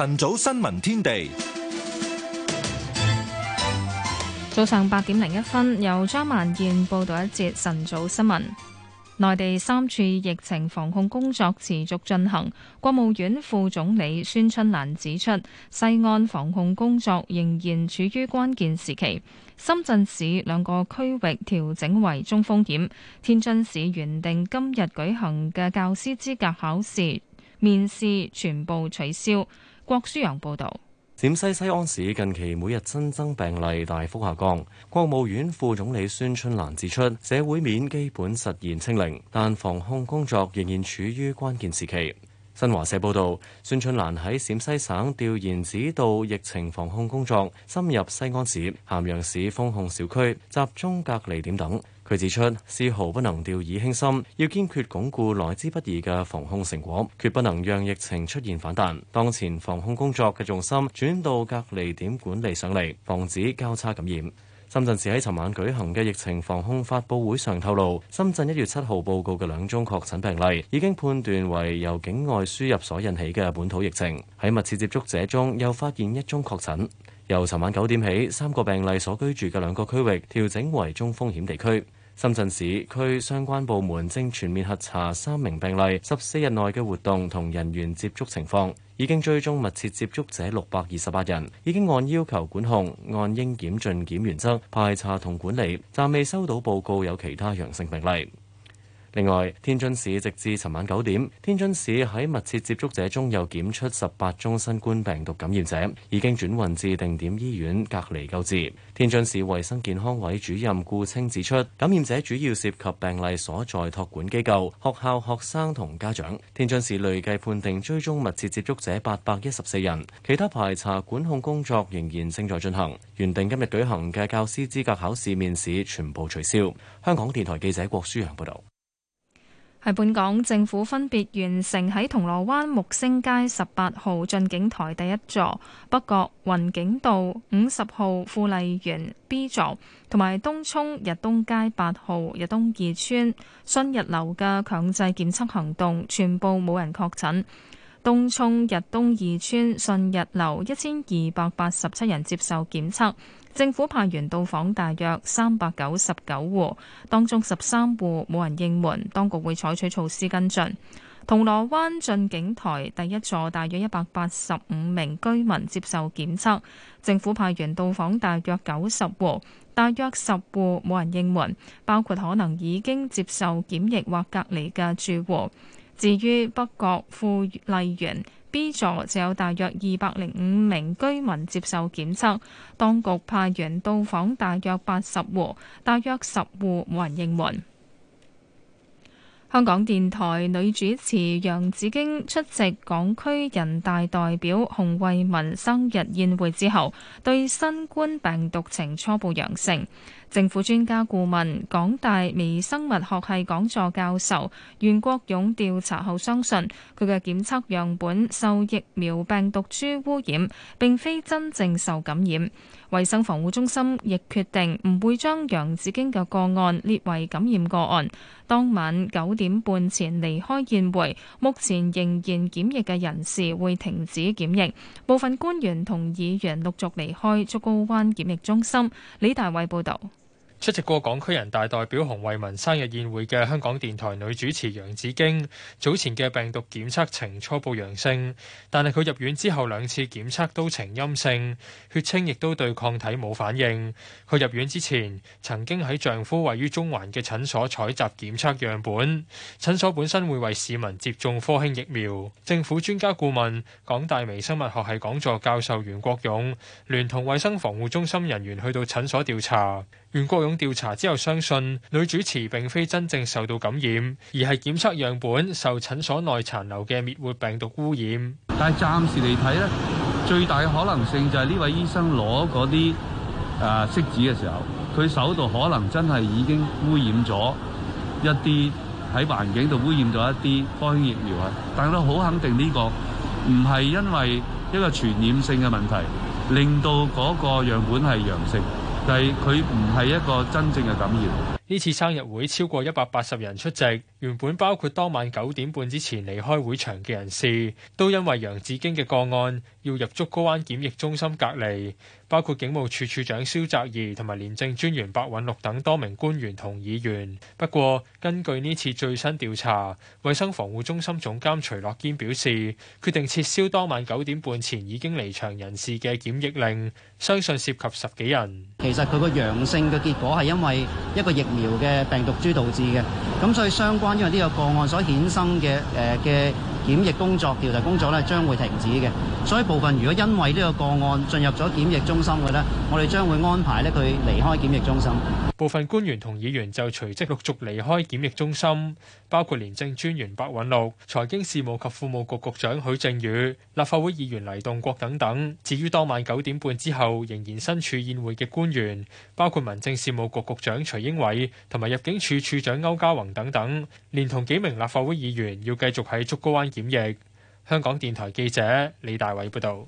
晨早新聞天地，早上八點零一分，由張萬燕報道一節晨早新聞。內地三處疫情防控工作持續進行。國務院副總理孫春蘭指出，西安防控工作仍然處於關鍵時期。深圳市兩個區域調整為中風險。天津市原定今日舉行嘅教師資格考試、面試全部取消。郭舒陽報道，陝西西安市近期每日新增病例大幅下降。國務院副總理孫春蘭指出，社會面基本實現清零，但防控工作仍然處於關鍵時期。新華社報道，孫春蘭喺陝西省調研指導疫情防控工作，深入西安市、咸陽市封控小區、集中隔離點等。佢指出，絲毫不能掉以輕心，要堅決鞏固來之不易嘅防控成果，決不能讓疫情出現反彈。當前防控工作嘅重心轉到隔離點管理上嚟，防止交叉感染。深圳市喺尋晚舉行嘅疫情防控發布會上透露，深圳一月七號報告嘅兩宗確診病例已經判斷為由境外輸入所引起嘅本土疫情，喺密切接觸者中又發現一宗確診，由尋晚九點起，三個病例所居住嘅兩個區域調整為中風險地區。深圳市區相關部門正全面核查三名病例十四日內嘅活動同人員接觸情況，已經追蹤密切接觸者六百二十八人，已經按要求管控，按應檢盡檢原則排查同管理，暫未收到報告有其他陽性病例。另外，天津市直至尋晚九點，天津市喺密切接觸者中又檢出十八宗新冠病毒感染者，已經轉運至定點醫院隔離救治。天津市衛生健康委主任顧清指出，感染者主要涉及病例所在託管機構、學校學生同家長。天津市累計判定追蹤密切接觸者八百一十四人，其他排查管控工作仍然正在進行。原定今日舉行嘅教師資格考試面試全部取消。香港電台記者郭舒揚報道。喺本港政府分別完成喺銅鑼灣木星街十八號進境台第一座、北角雲景道五十號富麗園 B 座同埋東涌日東街八號日東二村新日樓嘅強制檢測行動，全部冇人確診。東涌日東二村信日樓一千二百八十七人接受檢測，政府派員到訪大約三百九十九戶，當中十三戶冇人應門，當局會採取措施跟進。銅鑼灣進景台第一座大約一百八十五名居民接受檢測，政府派員到訪大約九十戶，大約十戶冇人應門，包括可能已經接受檢疫或隔離嘅住戶。至於北角富麗園 B 座，就有大約二百零五名居民接受檢測，當局派員到訪大約八十戶，大約十戶冇人應門。香港電台女主持楊紫京出席港區人大代表洪為民生日宴會之後，對新冠病毒呈初步陽性。政府專家顧問、港大微生物學系講座教授袁國勇調查後相信，佢嘅檢測樣本受疫苗病毒株污染，並非真正受感染。衛生防護中心亦決定唔會將楊子經嘅個案列為感染個案。當晚九點半前離開宴會，目前仍然檢疫嘅人士會停止檢疫。部分官員同議員陸續離開竹篙灣檢疫中心。李大偉報導。出席過港區人大代表洪慧民生日宴會嘅香港電台女主持楊子京，早前嘅病毒檢測呈初步陽性，但係佢入院之後兩次檢測都呈陰性，血清亦都對抗體冇反應。佢入院之前曾經喺丈夫位於中環嘅診所採集檢測樣本，診所本身會為市民接種科興疫苗。政府專家顧問、港大微生物學系講座教授袁國勇聯同衛生防護中心人員去到診所調查。袁國勇調查之後，相信女主持並非真正受到感染，而係檢測樣本受診所內殘留嘅滅活病毒污染。但係暫時嚟睇咧，最大嘅可能性就係呢位醫生攞嗰啲誒拭紙嘅時候，佢手度可能真係已經污染咗一啲喺環境度污染咗一啲科興疫苗啊！但係我好肯定呢個唔係因為一個傳染性嘅問題，令到嗰個樣本係陽性。係，佢唔係一個真正嘅感染。呢次生日會超過一百八十人出席，原本包括當晚九點半之前離開會場嘅人士，都因為楊子京嘅個案要入竹篙灣檢疫中心隔離，包括警務處處長蕭澤頤同埋廉政專員白韞六等多名官員同議員。不過，根據呢次最新調查，衛生防護中心總監徐樂堅表示，決定撤銷當晚九點半前已經離場人士嘅檢疫令，相信涉及十幾人。其實佢個陽性嘅結果係因為一個疫嘅病毒株導致嘅，咁所以相關因為呢個個案所衍生嘅誒嘅。呃檢疫工作，調查工作咧將會停止嘅，所以部分如果因為呢個個案進入咗檢疫中心嘅咧，我哋將會安排咧佢離開檢疫中心。部分官員同議員就隨即陸續離開檢疫中心，包括廉政專員白韞六、財經事務及庫務局局，局長許正宇、立法會議員黎棟國等等。至於當晚九點半之後仍然身處宴會嘅官員，包括民政事務局局，局長徐英偉同埋入境處處，處長區嘉宏等等，連同幾名立法會議員要繼續喺竹篙灣。檢疫。香港電台記者李大偉報道，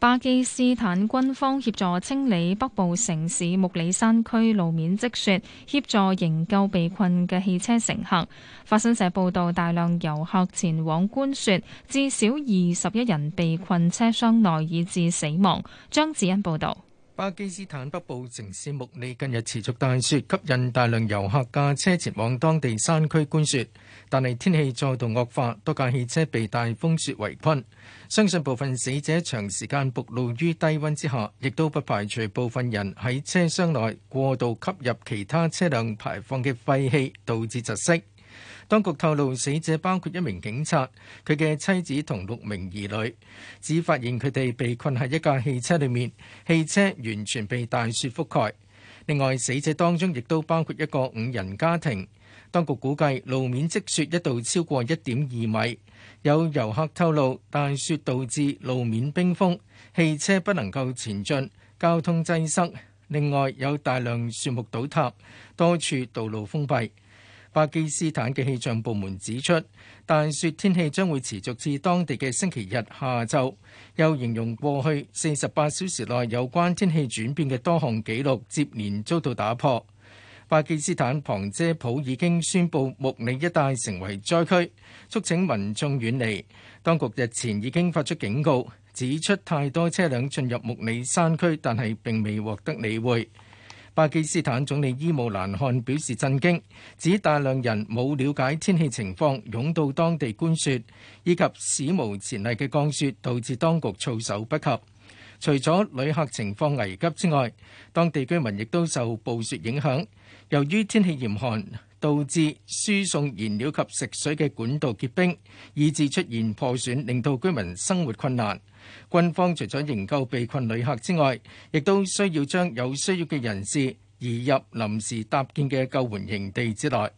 巴基斯坦軍方協助清理北部城市木里山區路面積雪，協助營救被困嘅汽車乘客。法新社報道，大量遊客前往觀雪，至少二十一人被困車廂內以致死亡。張子欣報道。巴基斯坦北部城市穆里近日持續大雪，吸引大量遊客駕車前往當地山區觀雪，但係天氣再度惡化，多架汽車被大風雪圍困。相信部分死者長時間暴露於低温之下，亦都不排除部分人喺車廂內過度吸入其他車輛排放嘅廢氣，導致窒息。當局透露，死者包括一名警察、佢嘅妻子同六名兒女。只發現佢哋被困喺一架汽車裏面，汽車完全被大雪覆蓋。另外，死者當中亦都包括一個五人家庭。當局估計路面積雪一度超過一點二米。有遊客透露，大雪導致路面冰封，汽車不能夠前進，交通擠塞。另外，有大量樹木倒塌，多處道路封閉。巴基斯坦嘅氣象部門指出，大雪天氣將會持續至當地嘅星期日下晝，又形容過去四十八小時內有關天氣轉變嘅多項紀錄接連遭到打破。巴基斯坦旁遮普已經宣佈穆里一帶成為災區，促請民眾遠離。當局日前已經發出警告，指出太多車輛進入穆里山區，但係並未獲得理會。巴基斯坦總理伊姆蘭汗表示震驚，指大量人冇了解天氣情況，湧到當地觀雪，以及史無前例嘅降雪導致當局措手不及。除咗旅客情況危急之外，當地居民亦都受暴雪影響。由於天氣嚴寒，導致輸送燃料及食水嘅管道結冰，以致出現破損，令到居民生活困難。軍方除咗營救被困旅客之外，亦都需要將有需要嘅人士移入臨時搭建嘅救援營地之內。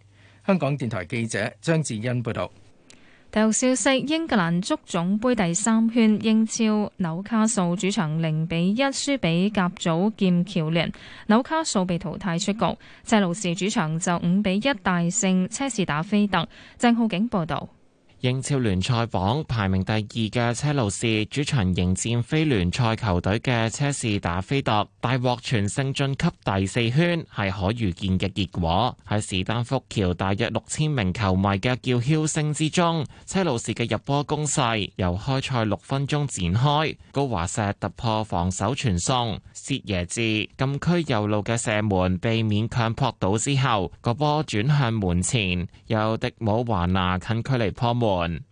香港電台記者張智欣報道。體育消息：英格蘭足總杯第三圈，英超紐卡素主場零比一輸俾甲組劍橋聯，紐卡素被淘汰出局。謝路士主場就五比一大勝車士打菲特。鄭浩景報導。英超聯賽榜排名第二嘅車路士主場迎戰非聯賽球隊嘅車士打菲特，大獲全勝晉級第四圈係可預見嘅結果。喺史丹福橋大約六千名球迷嘅叫囂聲之中，車路士嘅入波攻勢由開賽六分鐘展開，高華石突破防守傳送，薛爺至禁區右路嘅射門被勉強撲倒之後，個波轉向門前，由迪姆華拿近距離破門。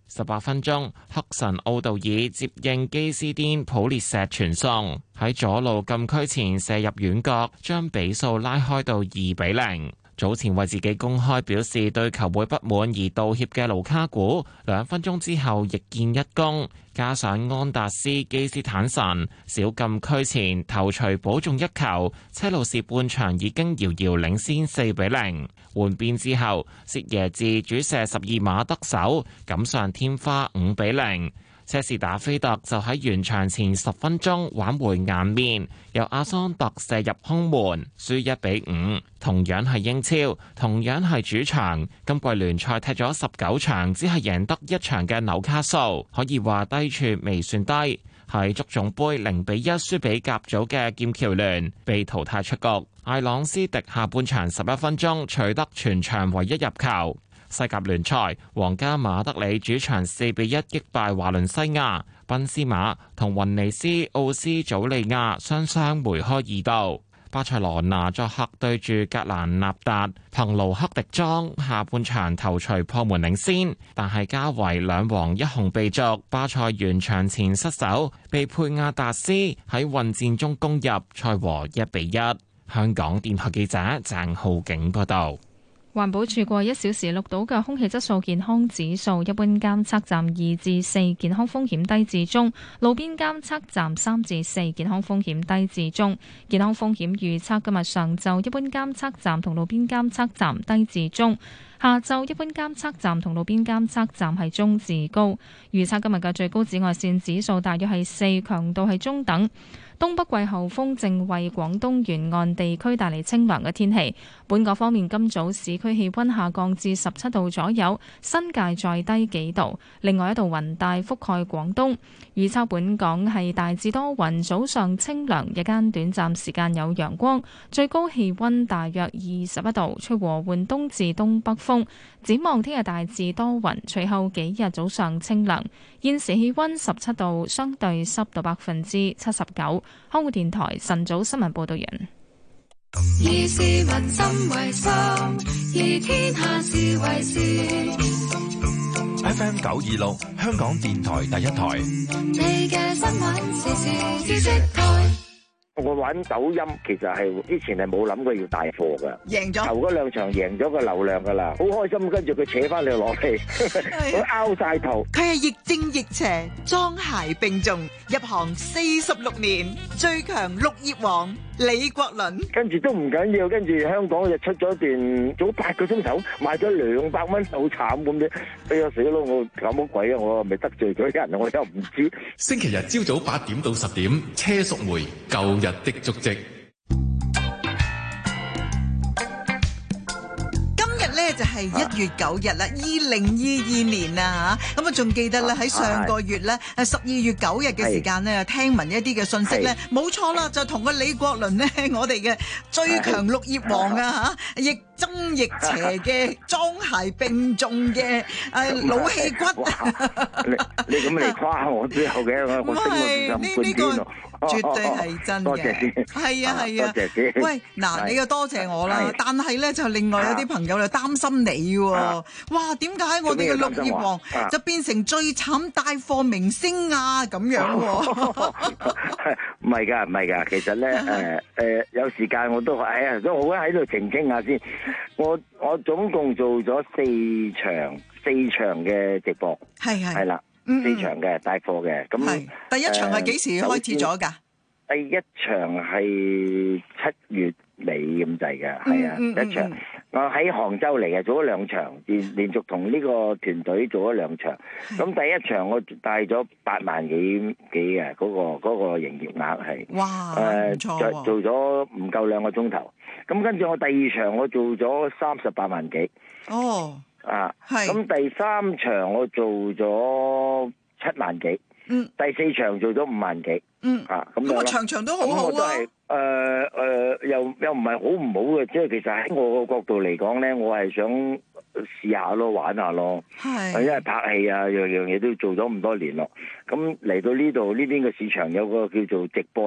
十八分鐘，黑神奧道爾接應基斯甸普列石傳送，喺左路禁區前射入遠角，將比數拉開到二比零。早前為自己公開表示對球會不滿而道歉嘅盧卡古，兩分鐘之後亦建一功，加上安達斯基斯坦神小禁區前頭槌補中一球，車路士半場已經遙遙領先四比零。換邊之後，薛耶治主射十二碼得手，錦上添花五比零。車士打菲特就喺完場前十分鐘挽回顏面，由阿桑特射入空門，輸一比五。同樣係英超，同樣係主場，今季聯賽踢咗十九場，只係贏得一場嘅紐卡素，可以話低處未算低。喺足總杯零比一輸俾甲組嘅劍橋聯，被淘汰出局。艾朗斯迪下半場十一分鐘取得全場唯一入球。西甲聯賽，皇家馬德里主場四比一擊敗華倫西亞，賓斯馬同雲尼斯奧斯祖利亞雙雙梅開二度。巴塞羅那作客對住格蘭納達，憑盧克迪莊下半場頭槌破門領先，但係加維兩黃一紅被逐，巴塞完場前失守，被佩亞達斯喺混戰中攻入，賽和一比一。香港電台記者鄭浩景報道。環保署過一小時錄到嘅空氣質素健康指數，一般監測站二至四，健康風險低至中；路邊監測站三至四，健康風險低至中。健康風險預測今日上晝一般監測站同路邊監測站低至中，下晝一般監測站同路邊監測站係中至高。預測今日嘅最高紫外線指數大約係四，強度係中等。東北季候風正為廣東沿岸地區帶嚟清涼嘅天氣。本港方面，今早市區氣溫下降至十七度左右，新界再低幾度。另外一道雲帶覆蓋廣東。預測本港係大致多雲，早上清涼，日間短暫時間有陽光，最高氣溫大約二十一度，吹和緩東至東北風。展望聽日大致多雲，隨後幾日早上清涼。現時氣溫十七度，相對濕度百分之七十九。香港電台晨早新聞報道人。以市民心為心，以天下事為事。FM 九二六，香港電台第一台。你嘅新聞時事知識台。我玩抖音，其實係之前係冇諗過要帶貨噶，贏咗了頭嗰兩場，贏咗個流量噶啦，好開心。跟住佢扯翻你落去，我拗晒頭。佢係亦正亦邪，裝鞋並重。入行四十六年，最強綠葉王。李國麟，跟住都唔緊要，跟住香港就出咗段早八個鐘頭，賣咗兩百蚊，好慘咁啫！哎呀死咯，我搞乜鬼啊！我咪得罪咗人，我又唔知。星期日朝早八點到十點，車淑梅，舊日的足跡。係一月九日啦，二零二二年啊吓，咁啊仲記得咧喺上個月咧，十二月九日嘅時間咧，聽聞一啲嘅信息咧，冇錯啦，就同個李國麟咧，我哋嘅最強綠葉王啊吓，亦。中逆邪嘅裝鞋並重嘅誒老氣骨，你咁嚟誇我都好嘅，我係呢呢個絕對係真嘅。係啊係啊。喂嗱，你又多謝我啦。但係咧就另外有啲朋友就擔心你喎。哇，點解我哋嘅綠葉王就變成最慘帶貨明星啊？咁樣喎，唔係噶，唔係噶。其實咧誒誒，有時間我都，哎呀，都好喺度澄清下先。我我總共做咗四場四場嘅直播，係係係啦，的嗯嗯四場嘅帶貨嘅。咁第一場係幾時開始咗噶？第一場係七月尾咁滯嘅，係啊、嗯嗯嗯嗯嗯，一場。我喺杭州嚟嘅，做咗兩場，連連續同呢個團隊做咗兩場。咁是第一場我帶咗八萬幾幾嘅，嗰個嗰個營業額係，哇，誒，做做咗唔夠兩個鐘頭。咁跟住我第二場我做咗三十八萬幾，哦，啊，係是。咁第三場我做咗七萬幾。嗯，第四場做咗五萬幾，嗯啊，咁場場都好，啊我都呃呃好我，我都係誒誒又又唔係好唔好嘅，即係其實喺我個角度嚟講咧，我係想試下咯，玩下咯，係因為拍戲啊，樣樣嘢都做咗咁多年咯，咁嚟到呢度呢邊嘅市場有個叫做直播。